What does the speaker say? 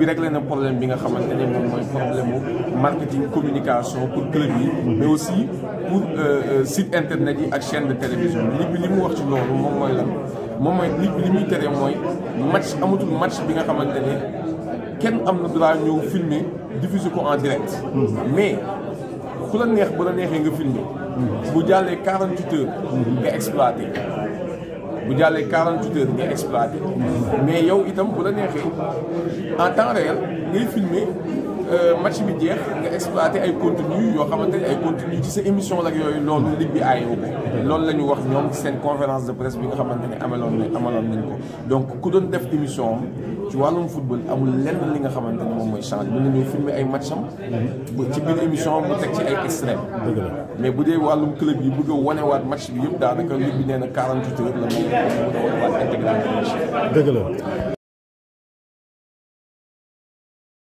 bi régler le problème bi nga xamante ne moom problème marketing communication pour club yi mais aussi pour euh, euh, site internet yi ak chaîne de télévision Ce bi je veux wax ci loolu moom mooy lan veux dire, li li muy a mooy match amatul match bi nga xamante ne kenn am na droit de filmer diffuser ko en direct mais ku la neex bu la neexee nga filmer mm-hmm. bu jàllee 48 heures nga exploiter. Bujale 48 heures bien exploité mais yow itam bu la neexee en temps réel ngay filmer Euh, match bi jeex nga exploité ay contenu yo xamanteni ay contenu ci ces émissions la ak yooyu lolu ligue bi ay ko lolu lañu wax ñom ci sen conférence de presse bi nga xamanteni amalon amaloon nañ amaloon nañ ko donc ku doon def émission ci walum football amul lenn li nga xamanteni ne moy change mën nañu filmé ay matcham ci biir émission mu tek ci ay extrême mais bu dee wàllum club yi bëgg woné wanewaat match bi yëpp naka ligue bi néna 48 heures la mo mën a wanewaat intégralité dëgg la